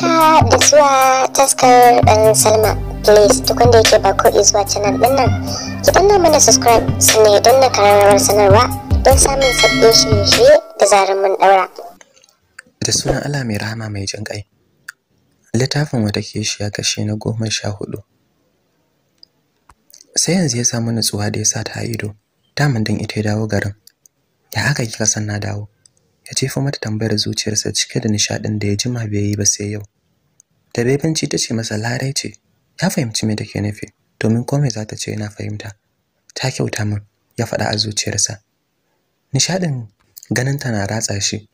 haka da zuwa taskar dan salma please duk wanda yake ba ko zuwa canal din nan ki danna mana subscribe sannan ya danna karamar sanarwa don samun sabbin shirye-shirye da zarar mun daura da sunan Allah mai rahama mai jin kai littafin wata keshiya kashe na goma sha hudu sai yanzu ya samu nutsuwa da ya sa ta ido daman din ita ya dawo garin ya haka kika san na dawo ya jefa mata tambayar zuciyarsa cike da nishadin da ya jima bai yi ba sai yau da bebanci ta ce masa larai ce ya fahimci me ke nufi domin komai za ta ce yana fahimta ta kyauta min ya faɗa a zuciyarsa nishaɗin ganin na ratsa shi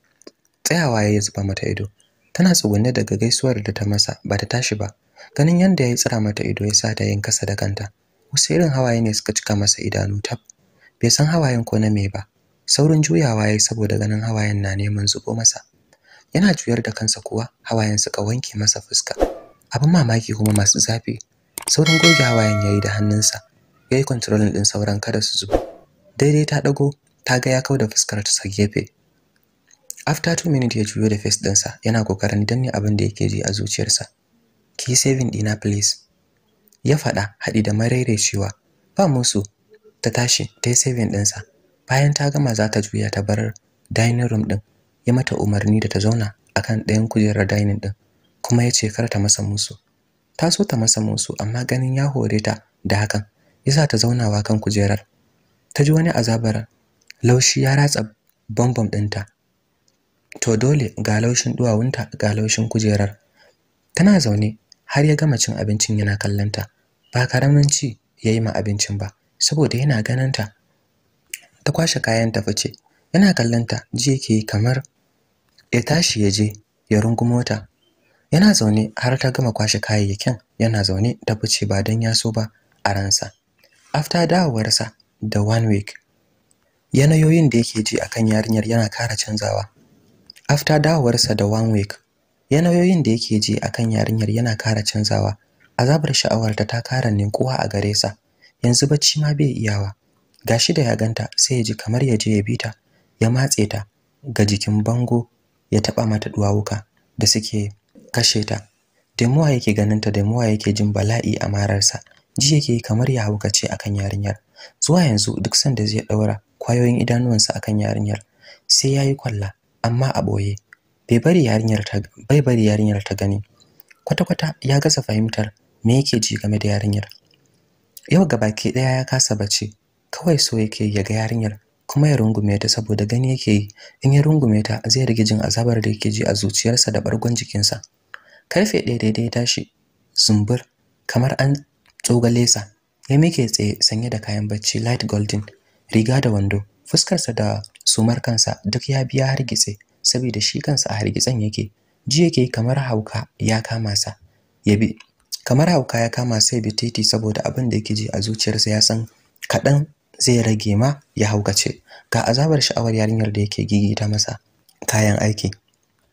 tsayawa ya yi zuba mata ido tana tsugunne daga gaisuwar da ta masa ba ta tashi ba ganin yadda ya yi tsira mata ido ya sa ta yin kasa da kanta wasu irin hawaye ne suka cika masa idanu tab bai san hawayen ko na me ba saurin juyawa ya yi saboda ganin hawayen na neman zubo masa yana juyar da kansa kuwa hawayen suka wanke masa fuska abin mamaki kuma masu zafi Saurin goge hawayen yayi da hannunsa ya yi kontrolin ɗin sauran kada su zubo daidai ta dago ta ga ya da fuskar ta gefe after 2 minutes ya juyo da face dinsa yana kokarin danne abin da yake ji a zuciyarsa ki saving dina please ya faɗa haɗi da cewa ba musu ta tashi ta yi saving ɗinsa bayan ta gama za ta juya ta bar dining room ɗin ya mata umarni da ta zauna kan ɗayan kujerar dainin ɗin, kuma ya ce kar ta masa musu ta so ta masa musu amma ganin ya hore ta da hakan yasa ta zauna wa kan kujerar ta ji wani azabar laushi ya ratsa bambam ɗinta to dole ga laushin duwawunta ga laushin kujerar tana zaune har ya gama cin abincin yana kallanta ba karamin ci ya yi ma abincin ba saboda yana gananta ta kwashe kayan ta fice yana kallon ta ji yake kamar ya tashi ya je ya rungu mota. yana zaune har ta gama kwashe kayayyakin yana zaune ta fice ba don ya so ba a ransa after dawowarsa da one week yanayoyin da yake ji akan yarinyar yana kara canzawa after dawowarsa da one week yanayoyin da yake ji akan yarinyar yana kara canzawa azabar sha'awar ta ta kara ninkuwa a gare sa yanzu bacci ma bai iyawa gashi da ya ganta sai ya ji kamar ya je ya bi ta. ya matse ta ga jikin bango ya taba mata duwawuka da suke kashe ta Demuwa yake ganin ta Demuwa yake jin bala'i a mararsa ji yake kamar ya haukace akan yarinyar zuwa yanzu duk sanda zai daura kwayoyin idanuwansa akan yarinyar sai yayi kwalla amma a boye bai bari yarinyar ta bai bari yarinyar ta gani kwata-kwata ya gasa fahimtar me yake ji game da yarinyar yau gabaki daya ya kasa bace kawai so yake ya ga yarinyar kuma ya rungume ta saboda gani yake yi in ya rungume ta zai rage jin azabar da yake ji a zuciyarsa da bargon jikinsa karfe ɗaya daidai tashi zumbur kamar an tsogale sa ya mike tsaye sanye da kayan bacci light golden riga da wando fuskarsa da sumar kansa duk ya biya hargitse saboda shi kansa a hargitsen yake ji yake kamar hauka ya kama sa ya bi kamar hauka ya kama sai bi titi saboda abin da yake ji a zuciyarsa ya san kaɗan zai rage ma ya haukace ga azabar sha'awar yarinyar da yake gigita masa kayan aiki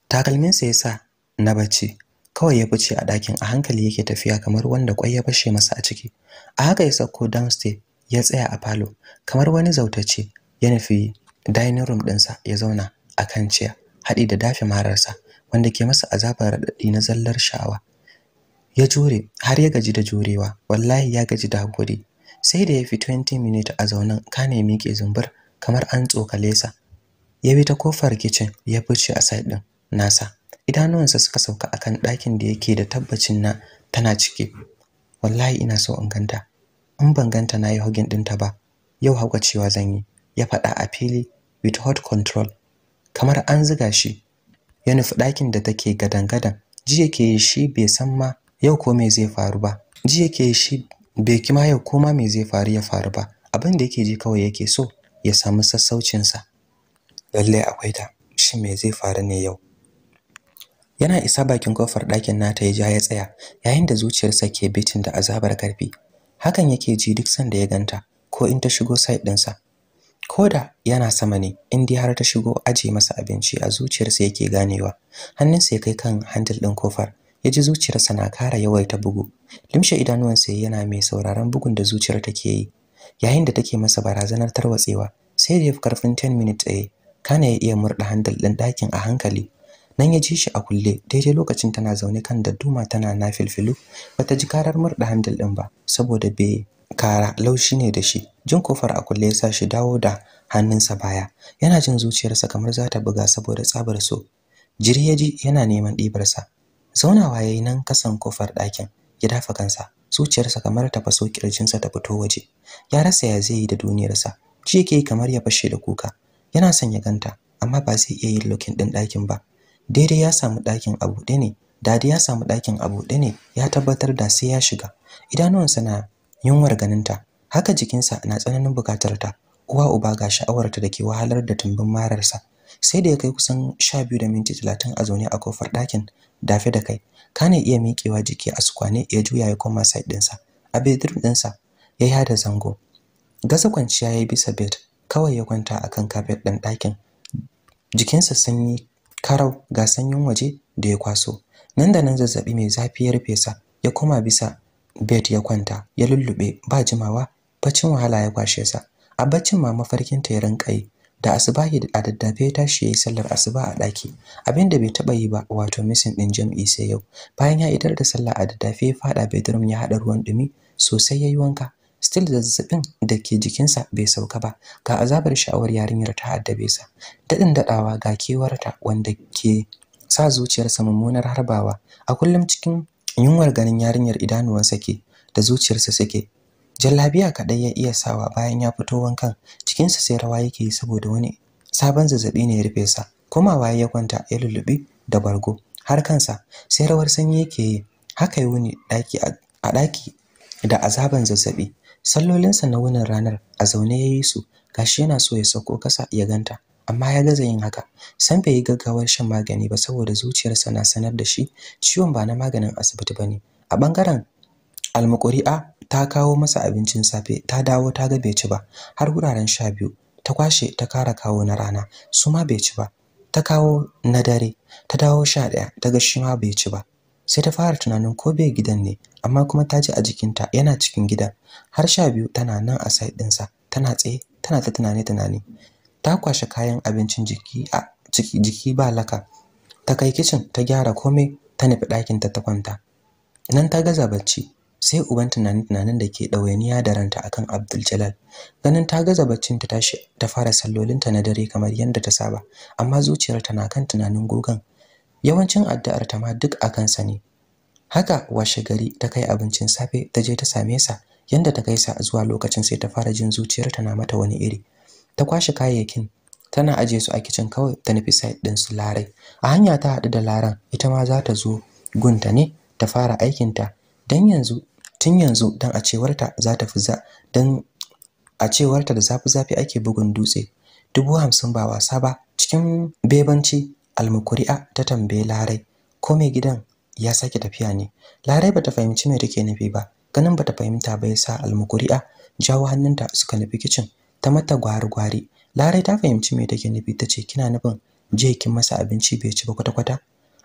takalminsa ya sa na bacci kawai ya fice a dakin a hankali yake tafiya kamar wanda kwai ya bashe masa a ciki a haka ya sauko downstairs ya tsaya a falo kamar wani zautace ya nufi dining room ɗinsa ya zauna a kan ciya haɗi da dafe mararsa wanda ke masa azabar raɗaɗi na zallar sha'awa ya jure har ya gaji da jurewa wallahi ya gaji da hakuri sai da ya fi 20 minutes a zaunan kane miƙe zumbur kamar an tsokale sa ya bi ta kofar kitchen ya fice a side din nasa idanuwansa suka sauka akan ɗakin da yake da tabbacin na tana ciki wallahi ina so in ganta in ban ganta na yi hogin ɗinta ba yau hauka cewa zan yi ya faɗa a fili with hot control kamar an ziga shi ya nufi ɗakin da take gadan-gadan Jiya yake yi shi bai san ma yau ko me zai faru ba ji yake yi shi bai kima yau koma me zai faru ya faru ba abin da yake ji kawai yake so ya samu sassaucin sa lalle akwai ta shi me zai faru ne yau yana isa bakin kofar ɗakin nata ya ja ya tsaya yayin da zuciyarsa ke bitin da azabar karfi hakan yake ji duk sanda ya ganta ko in ta shigo site ɗinsa koda yana sama ne in dai har ta shigo aje masa abinci a zuciyarsa yake ganewa hannunsa ya kai kan handle ɗin kofar ya ji zuciyarsa na kara yawaita bugu limshe idanuwansa yana mai sauraron bugun da zuciyar take yi yayin da take masa barazanar tarwatsewa sai da ya fi karfin 10 minutes tsaye kana ya iya murda handal ɗin ɗakin a hankali nan ya ji shi a kulle daidai lokacin tana zaune kan duma tana na filfilu bata ji karar murda handal ɗin ba saboda bai kara laushi ne da shi jin kofar a kulle ya sa shi dawo da hannunsa baya yana jin zuciyarsa kamar za ta buga saboda tsabar so jiri ya ji yana neman ɗibarsa zaunawa ya yi nan kasan kofar ɗakin gida dafa kansa zuciyarsa kamar ta faso kirjinsa ta fito waje ya rasa ya zai yi da duniyarsa ji yake kamar ya fashe da kuka yana son ya ganta amma ba zai iya yin lokin ɗin ɗakin ba daidai ya samu ɗakin a buɗe ne dadi ya samu ɗakin a buɗe ne ya tabbatar da sai ya shiga idanuwansa na yunwar ganinta haka jikinsa na tsananin bukatar ta uwa uba ga sha'awarta da ke wahalar da tumbin mararsa sai da ya kai kusan sha biyu da minti talatin a zaune a kofar ɗakin dafe da kai kana iya miƙewa jiki a sukwane ya juya ya koma side ɗinsa a bedroom ɗinsa ya yi hada zango gasa kwanciya ya yi bisa bed kawai ya kwanta a kan kafet ɗin ɗakin jikinsa sanyi karau ga sanyin waje da ya kwaso nan da nan zazzabi mai zafi ya rufe sa ya koma bisa bed ya kwanta ya lullube ba jimawa baccin wahala ya kwashe sa a baccin ma mafarkinta ya rinka yi da asubahi a daddafe ya tashi sallar asuba a daki abinda bai taɓa yi ba wato misin ɗin jam'i sai yau bayan ya idar da sallah a daddafe ya fada bedroom ya haɗa ruwan ɗumi sosai ya yi wanka still zazzabin da ke jikinsa bai sauka ba ga azabar sha'awar yarinyar ta addabe sa daɗin daɗawa ga kewarta wanda ke sa zuciyarsa mummunar harbawa a kullum cikin yunwar ganin yarinyar idanuwansa ke da zuciyarsa sake. jallabiya kaɗai ya iya sawa bayan ya fito wankan cikinsa sai rawa yake yi saboda wani sabon zazzaɓi ne ya rufe sa komawa ya kwanta ya lullubi da bargo har kansa sai rawar sanyi yake yi haka yi wuni a ɗaki da azaban zazzaɓi sallolinsa na wunin ranar a zaune ya yi su gashi yana so ya sauko kasa ya ganta amma ya gaza yin haka san bai yi gaggawar shan magani ba saboda zuciyarsa na sanar da shi ciwon ba na maganin asibiti ba ne a ɓangaren almukuri'a ta kawo masa abincin safe ta dawo ta ga bai ci ba har wuraren sha biyu ta kwashe ta kara kawo na rana su ma bai ci ba ta kawo na dare ta dawo sha ɗaya ta ga shi ma bai ci ba sai ta fara tunanin ko bai gidan ne amma kuma ta ji a jikinta yana cikin gidan har sha biyu tana nan a sai ɗinsa tana tsaye tana ta tunane tunane ta kwashe kayan abincin jiki a ciki jiki ba laka ta kai kicin ta gyara komai ta nufi ɗakinta ta kwanta nan ta gaza bacci sai uban tunanin tunanin da ke ɗawainiya da ranta akan Abdul Jalal. Ganin ta gaza baccin ta tashi ta fara sallolinta na dare kamar yadda ta saba, amma zuciyarta na kan tunanin gogan. Yawancin addu'ar ta ma duk akan sa ne. Haka washe gari ta kai abincin safe ta je ta same sa, yadda ta kai sa zuwa lokacin sai ta fara jin zuciyarta na mata wani iri. Ta kwashe kayayyakin tana aje su a kicin kawai ta nufi side din su Larai. A hanya ta haɗu da Laran, ita ma za ta zo gunta ne ta fara aikinta dan yanzu tun yanzu dan a cewarta za ta fiza dan a cewarta da zafi zafi ake bugun dutse dubu hamsin ba wasa ba cikin bebanci almukuri'a ta tambaye larai ko mai gidan ya sake tafiya ne larai bata fahimci me take nufi ba ganin bata fahimta ba yasa almukuri'a jawo hannunta suka nufi kicin ta mata gwari-gwari larai ta fahimci me take nufi ta ce kina nufin je kin masa abinci bai ci ba kwata-kwata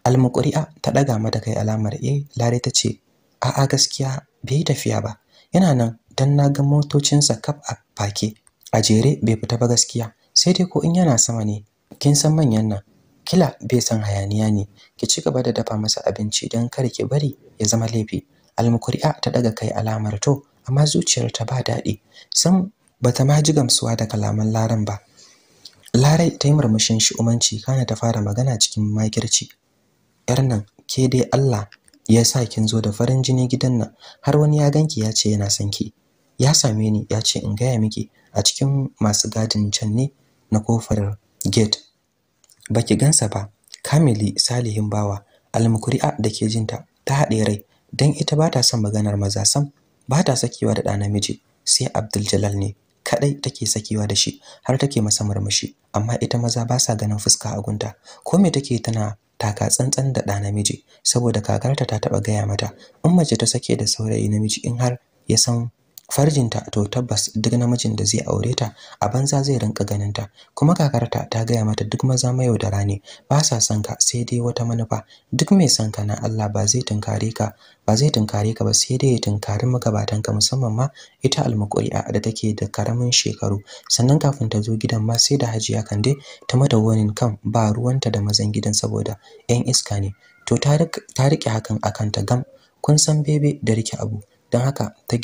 almukuri'a ta daga mata kai alamar eh larai ta ce a'a gaskiya bai tafiya ba yana nan dan na ga motocinsa kaf a fake a jere bai fita ba gaskiya sai dai ko in yana sama ne kin san manyan nan kila bai san hayaniya ne ki ci gaba da dafa masa abinci dan kar ki bari ya zama laifi almukuri'a ta daga kai alamar to amma zuciyar ta ba daɗi san bata ma ji gamsuwa da kalaman laran ba larai ta yi murmushin shi umanci kana ta fara magana cikin makirci yar nan ke dai Allah ya sa kin zo da farin jini gidan nan har wani ya ganki ya ce yana son ki ya same ni ya ce in gaya miki a cikin masu gadin can ne na kofar gate baki gansa ba kamili salihin bawa almukuri'a da ke jinta ta haɗe rai don ita ba ta son maganar maza sam ba ta sakewa da ɗa namiji sai abdul ne kaɗai take sakewa da shi har take masa murmushi amma ita maza ba sa ganin fuska a gunta ko me take tana taka tsantsan da ɗa namiji saboda kakarta ta taɓa gaya mata in mace ta sake da saurayi namiji in har ya san farjinta to tabbas duk namijin da zai aure ta a banza zai rinka ganin ta kuma kakarta ta gaya mata duk maza mayau da rani ba sa son ka sai dai wata manufa duk mai son ka na Allah ba zai tunkare ka ba zai tunkare ka ba sai dai ya tunkari magabatan ka musamman ma ita almukuri'a da take da karamin shekaru sannan kafin ta zo gidan ma sai da hajiya kande ta mata wani kan ba ruwanta da mazan gidan saboda yan iska ne to ta rike hakan akan ta gam kun san bebe da rike abu don haka ta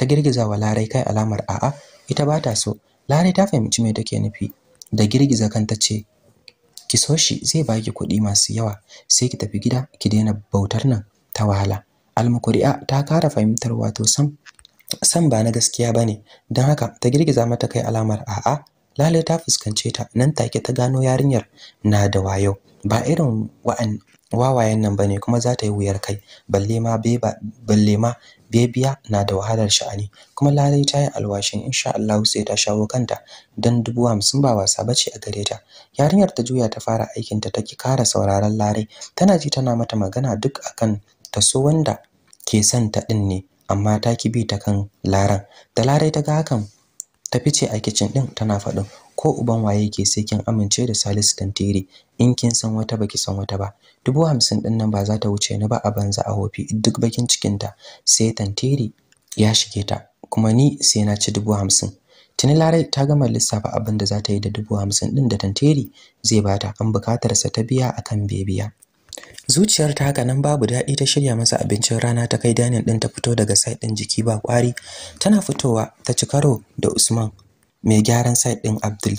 ta girgiza wa Larai kai alamar a'a ita ba ta so Larai ta fahimci me take nufi da girgiza kanta ce ki so shi zai baki kuɗi masu yawa sai ki tafi gida ki daina bautar nan ta wahala almukuri'a ta kara fahimtar wato sam san ba na gaskiya ba ne. don haka ta girgiza mata kai alamar a'a Lale ta fuskance ta nan take ta gano yarinyar na da wayo ba irin wa'an wawayen nan bane kuma za ta yi wuyar kai balle ma beba balle ma bebiya na da wahalar sha'ani kuma lalai ta yi alwashin insha Allah sai ta shawo kanta dan dubu hamsin ba wasa bace a gare ta yarinyar ta juya ta fara aikin ta take kara sauraron lare tana ji tana mata magana duk akan ta so wanda ke son ta din ne amma ta ki bi ta kan laran da lare ta ga hakan ta fice a kitchen din tana faɗin ko uban waye yake sai kin amince da Salisu Tantere in kin san wata baki san wata ba dubu hamsin din nan ba za ta wuce ni ba a banza a hofi duk bakin cikin ta sai Tantere ya shige ta kuma ni sai na ci dubu hamsin tuni larai ta gama lissafa abin da za ta yi da dubu hamsin din da Tantere zai bata an sa ta biya akan bebiya Zuciyar ta haka nan babu daɗi ta shirya masa abincin rana ta kai danin ɗin ta fito daga side din jiki ba kwari Tana fitowa ta ci karo da Usman mai gyaran site din Abdul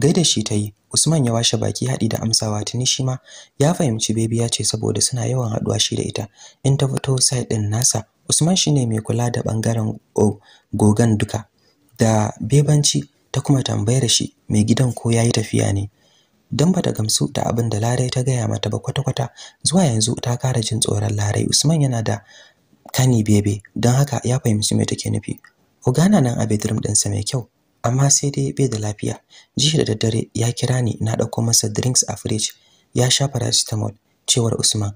gaida shi ta yi, Usman ya washe baki haɗi da amsawa tuni shi ma ya fahimci bebiya ce saboda suna yawan haɗuwa shi da ita in ta fito site din nasa Usman shine mai kula da bangaren gogan duka da bebanci ta kuma tambayar shi mai gidan ko yayi tafiya ne dan bata gamsu da abin da Larai ta gaya mata ba kwata-kwata zuwa yanzu ta kara jin tsoron Larai Usman yana da kani bebe don haka ya fahimci me take nufi ku gana nan a bedroom ɗinsa mai kyau amma sai dai bai da lafiya jiya da daddare ya kira ni na ɗauko masa drinks a fridge ya sha paracetamol cewar Usman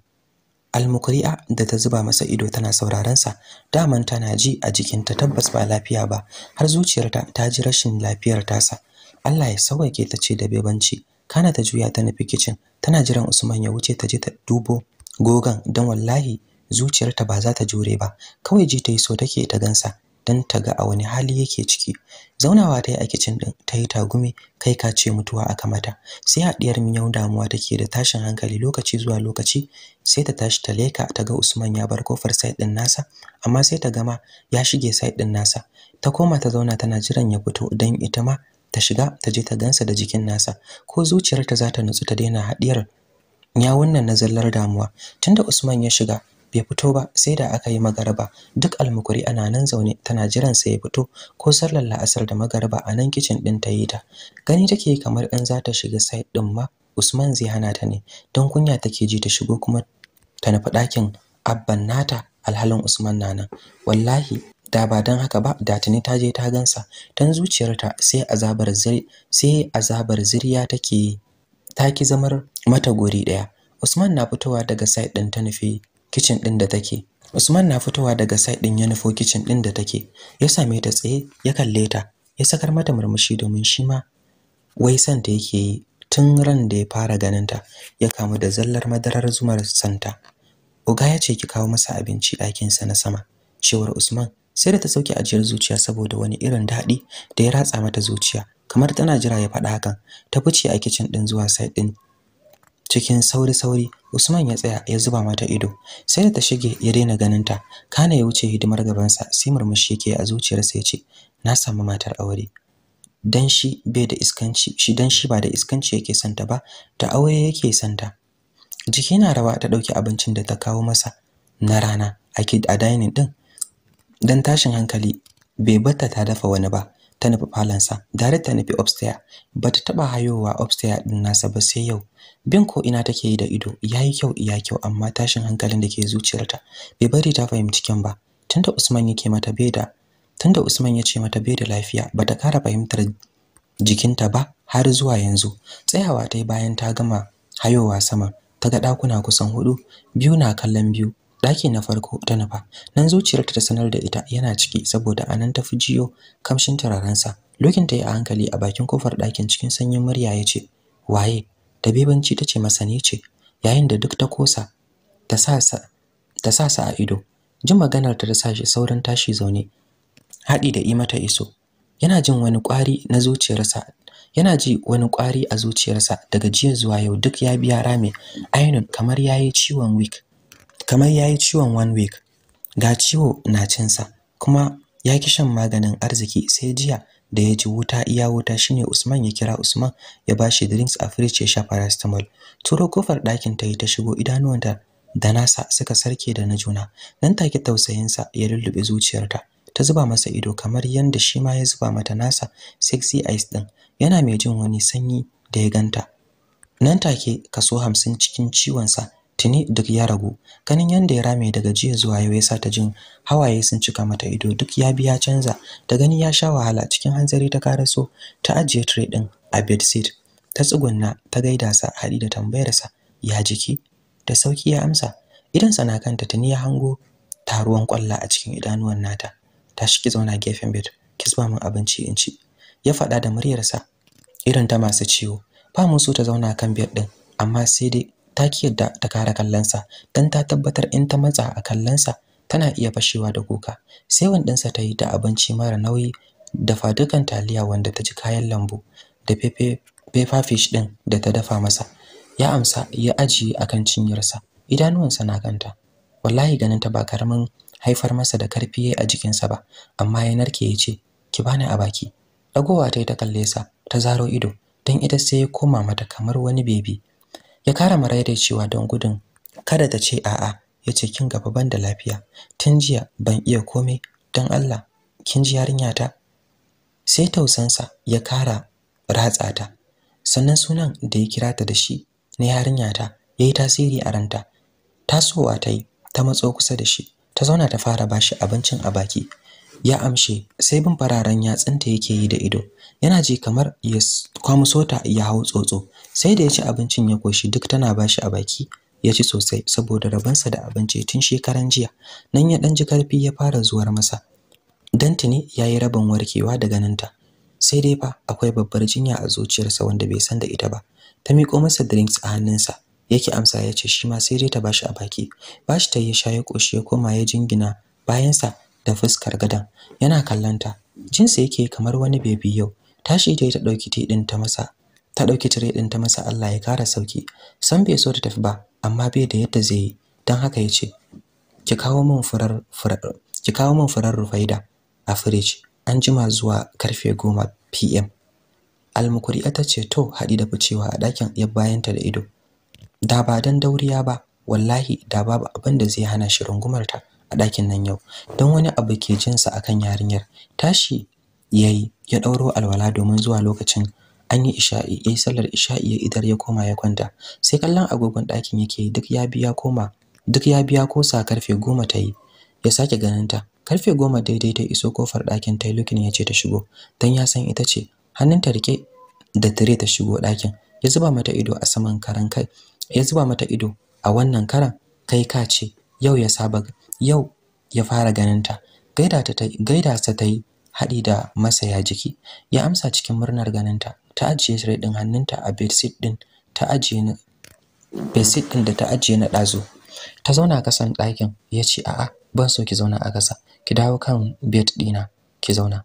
Almukuri'a da ta zuba masa ido tana sauraron sa daman tana ji a jikinta tabbas ba lafiya ba har zuciyarta ta ji rashin lafiyar tasa Allah ya sauke ta ce da bebanci kana ta juya ta nufi kitchen tana jiran Usman ya wuce ta je ta dubo gogan dan wallahi zuciyarta ba za ta jure ba kawai ji ta yi so take ta gansa don ta ga a wani hali yake ciki zaunawa ta yi a kicin din ta yi tagumi kai ka ce mutuwa aka mata sai haɗiyar miyau damuwa take da tashin hankali lokaci zuwa lokaci sai ta tashi ta leka ta ga Usman ya bar kofar side din nasa amma sai ta gama ya shige side din nasa ta koma ta zauna tana jiran ya fito don ita ma ta shiga ta je ta gansa da jikin nasa ko zuciyarta za ta nutsu ta daina haɗiyar Ya wannan na zallar damuwa tunda Usman ya shiga bai fito ba sai da aka yi magaraba duk almukuri ana nan zaune tana jiran sa ya fito ko sallar la'asar da magaraba a nan kicin din ta yi ta gani take kamar in za ta shiga side din ma Usman zai hana ta ne don kunya take ji ta shigo kuma ta nufi ɗakin abban nata alhalin Usman nan. wallahi da ba don haka ba da tuni ta je ta gansa dan zuciyarta sai azabar zir sai azabar zuriya take ta ki zamar mata gori daya Usman na fitowa daga side din ta nufi kitchen din da take Usman na fitowa daga side din ya nufo kitchen din da take ya same ta tsaye ya kalle ta ya sakar mata murmushi domin shi ma wai san ta yake yi tun ran da ya fara ganin ta ya kamu da zallar madarar zumar santa uga ya ce ki kawo masa abinci ɗakin sa na sama cewar Usman sai da ta sauke ajiyar zuciya saboda wani irin daɗi da ya ratsa mata zuciya kamar tana jira ya faɗa hakan ta fice a kitchen din zuwa side din cikin sauri-sauri Usman ya tsaya ya zuba mata ido sai da ta shige ya daina ganin ta kana ya wuce hidimar gabansa sai murmushi yake a zuciyarsa ya ce na samu matar aure dan shi bai da iskanci shi dan shi ba da iskanci yake santa ba ta. aure yake santa jiki na rawa ta dauki abincin da ta kawo masa na rana a dining din dan tashin hankali bai batta ta dafa wani ba ta nufi falansa dare ta nufi upstairs bata taba hayowa upstairs din nasa ba sai yau bin ko ina take yi da ido ya yi kyau iya kyau amma tashin hankalin da ke zuciyarta bai bari ta fahimci kyan ba tunda Usman yake mata bai tunda Usman ya ce mata bai da lafiya bata kara fahimtar jikinta ba har zuwa yanzu tsayawa ta bayan ta gama hayowa sama ta ga dakuna kusan hudu biyu na kallon biyu Ɗaki na farko ta nufa, nan zuciyarta ta sanar da ita yana ciki saboda anan ta fi jiyo kamshin tararansa. Lokin ta yi a hankali a bakin kofar ɗakin cikin sanyin murya ya ce, Waye, da ta ce masa ne ce, yayin da duk ta kosa, ta sa sa a ido. Jin maganar ta sa shi sauran tashi zaune, haɗi da yi mata iso. Yana jin wani ƙwari na zuciyarsa yana ji wani ƙwari a zuciyarsa daga jiya zuwa yau duk ya biya rame ainun kamar yayi ciwon week kamar ya yi ciwon one week ga ciwo na cinsa kuma ya ki shan maganin arziki sai jiya da ya ji wuta iya wuta shine Usman ya kira Usman ya ba shi drinks a fridge ya sha paracetamol turo kofar ɗakin ta yi ta shigo idanuwanta da nasa suka sarke da na juna nan take tausayinsa ya lullube zuciyarta ta zuba masa ido kamar yadda shi ma ya zuba mata nasa sexy eyes din yana mai jin wani sanyi da ya ganta nan take kaso hamsin cikin ciwon sa tuni duk ya ragu ganin yanda ya rame daga jiya zuwa yau ya sa ta jin hawaye sun cika mata ido duk ya biya canza da gani ya sha wahala cikin hanzari ta karaso ta ajiye tray din a bedsit ta tsugunna ta gaida sa hadi da tambayarsa ya jiki da sauki ya amsa Idan sana kanta tuni ya hango taruwan kwalla a cikin idanuwan nata ta shiki zauna gefen bed kisba min abinci in ci ya faɗa da muryarsa irin ta masu ciwo ba mu so ta zauna kan bed din amma sai dai ta ki yadda ta kare kallonsa don ta tabbatar in ta matsa a kallonsa tana iya fashewa da kuka sai sa ta yi da abinci mara nauyi da fadukan taliya wanda ta ji kayan lambu da pepper fish din da ta dafa masa ya amsa ya ajiye akan cinyarsa idanuwansa na kanta wallahi ganin ta ba karamin haifar masa da karfi yayi a jikinsa ba amma ya narke ya ce ki bani a baki dagowa ta yi ta kalle sa ta zaro ido dan ita sai ya koma mata kamar wani bebi ya kara maraidaicewa don gudun kada ta ce a'a ya ce kin gaba ban da lafiya tun jiya ban iya komai don Allah kin ji yarinya ta sai tausansa ya kara ratsata, ta sannan sunan da ya kira ta da shi na yarinya ta yi tasiri a ranta tasowa ta yi ta matso kusa da shi ta zauna ta fara bashi abincin a baki ya amshe sai bin fararen yatsunta yake yi da ido yana ji kamar ya kwamso ta ya hau tsotso sai da ya ci abincin ya koshi duk tana bashi a baki ya ci sosai saboda rabansa da abinci tun shekaran jiya nan ya ɗan ji karfi ya fara zuwar masa dan tuni ya yi rabin warkewa daga nan ta sai dai fa akwai babbar jinya a zuciyarsa wanda bai san da ita ba ta miƙo masa drinks a hannunsa yake amsa ya ce shi ma sai dai ta bashi a baki bashi ta ya sha ya koshi ya koma ya jingina bayansa da fuskar gadan yana kallanta jinsa yake kamar wani bebi yau tashi ta ta ɗauki ti ta masa ta dauki cire din ta masa Allah ya kara sauki san bai so ta tafi ba amma bai da yadda zai yi dan haka yace ki kawo min furar ki kawo min furar rufaida a fridge an jima zuwa karfe 10 pm almukuri ta ce to haɗi da ficewa a ɗakin ya bayanta da ido da ba dan dauriya ba wallahi da babu abin da zai hana shi rungumar ta a ɗakin nan yau don wani abu ke jinsa akan yarinyar tashi yayi ya ɗauro alwala domin zuwa lokacin an yi isha'i yayi sallar isha'i ya idar ya koma ya kwanta sai kallon agogon ɗakin yake duk ya biya koma duk ya biya ko sa karfe goma ta yi ya sake ganin ta karfe goma daidai ta iso kofar ɗakin ta lukin ya ce ta shigo dan ya san ita ce hannunta rike da tire ta shigo ɗakin ya zuba mata ido a saman karan kai ya zuba mata ido a wannan karan kai ka ce yau ya saba yau ya fara ganin ta gaida ta gaida sa ta yi haɗi da masaya jiki ya amsa cikin murnar ganinta ta ajiye tire din hannunta a bedsheet din ta ajiye na bedsheet din da ta ajiye na ɗazu. ta zauna a kasan ɗakin ya ce a'a ban so ki zauna a kasa ki dawo kan bed ɗina ki zauna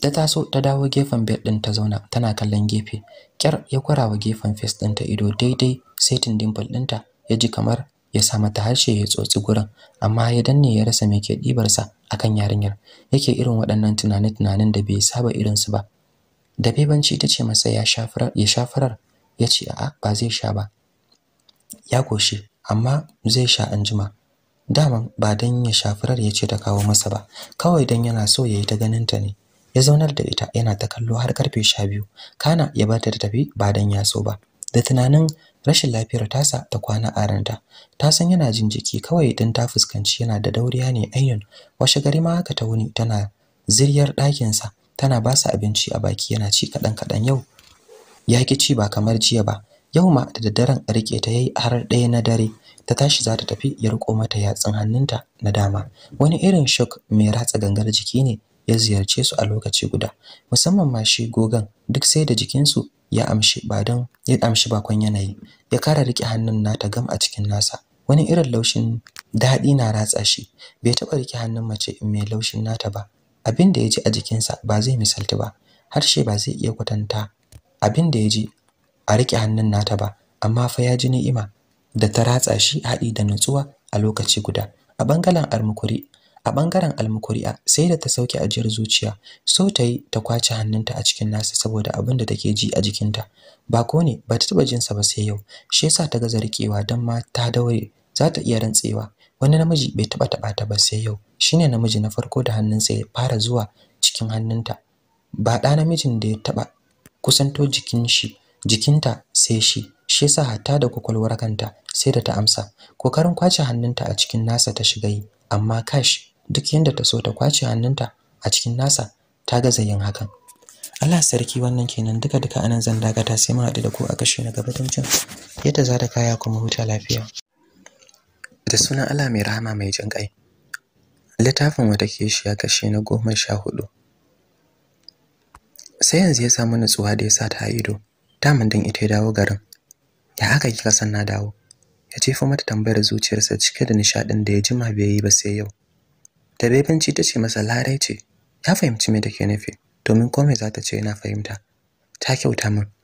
ta taso ta dawo gefen bed ɗin ta zauna tana kallon gefe kyar ya kwarawa gefen face ɗinta ido daidai setin dimple ɗinta ya ji kamar ya sa mata harshe ya tsotsi gurin amma ya danne ya rasa me ke ɗibarsa akan yarinyar yake irin waɗannan tunane tunanin da bai saba irinsu ba da bebanci ta ce masa ya shafarar ya ce a'a ba zai sha ba ya koshi amma zai sha anjima daman ba dan ya shafarar ya ce ta kawo masa ba kawai dan yana so ya yi ta ganin ta ne ya zaunar da ita yana ta kallo har karfe biyu. kana ya bata ta tafi ba dan ya so ba da tunanin rashin lafiyar tasa ta kwana a ranta ta san yana jin jiki kawai dan ta fuskanci yana da dauriya ne ayyun washe gari ma haka ta wuni tana ziryar ɗakinsa tana ba su abinci a baki yana ci kaɗan kaɗan yau ya ki ci ba kamar jiya ba yau ma da daddaren rike ta yayi har ɗaya na dare ta tashi za ta tafi ya riko mata yatsun hannunta na dama wani irin shock mai ratsa gangar jiki ne ya ziyarce su a lokaci guda musamman ma shi gogan duk sai da jikinsu ya amshi ba don ya amshi bakon yanayi ya kara rike hannun nata gam a cikin nasa wani irin laushin daɗi na ratsa shi bai taɓa rike hannun mace mai laushin nata ba abin da ya ji a jikinsa ba zai misaltu ba harshe ba zai iya kwatanta abin da ya ji a riƙe hannun nata ba amma fa ya ji ni'ima da ta ratsa shi haɗi da nutsuwa a lokaci guda a ɓangaren almukuri a ɓangaren almukuri'a sai da ta sauke ajiyar zuciya so ta yi ta kwace hannunta a cikin nasa saboda abin da take ji a jikinta ba ko ne ba ta taɓa jinsa ba sai yau shi yasa ta gaza riƙewa don ma ta daure za ta iya rantsewa wani namiji bai taba taba ta ba sai yau shine namiji na farko da hannunsa ya fara zuwa cikin hannunta ba da namijin da ya taba kusanto jikin shi jikinta sai shi shi yasa hatta da kwakwalwar kanta sai da ta amsa kokarin kwace hannunta a cikin nasa ta shiga yi amma kash duk yanda ta so ta kwace hannunta a cikin nasa ta gaza yin hakan Allah sarki wannan kenan duka duka anan zan dakata sai mun haɗu da ku a kashe na gaba tun can yadda za ta kaya kuma huta lafiya da sunan ala mai rahama mai jin ƙai littafin wata keshiya kashe na goma sha hudu sai yanzu ya samu nutsuwa da ya sa ta ido ta mundin ita ya dawo garin ya haka kika san na dawo ya jefa mata tambayar zuciyarsa cike da nishadin da ya jima bai yi ba sai yau da bebanci ta ce masa larai ce ya fahimci me take nufi domin komai za ta ce yana fahimta ta kyauta min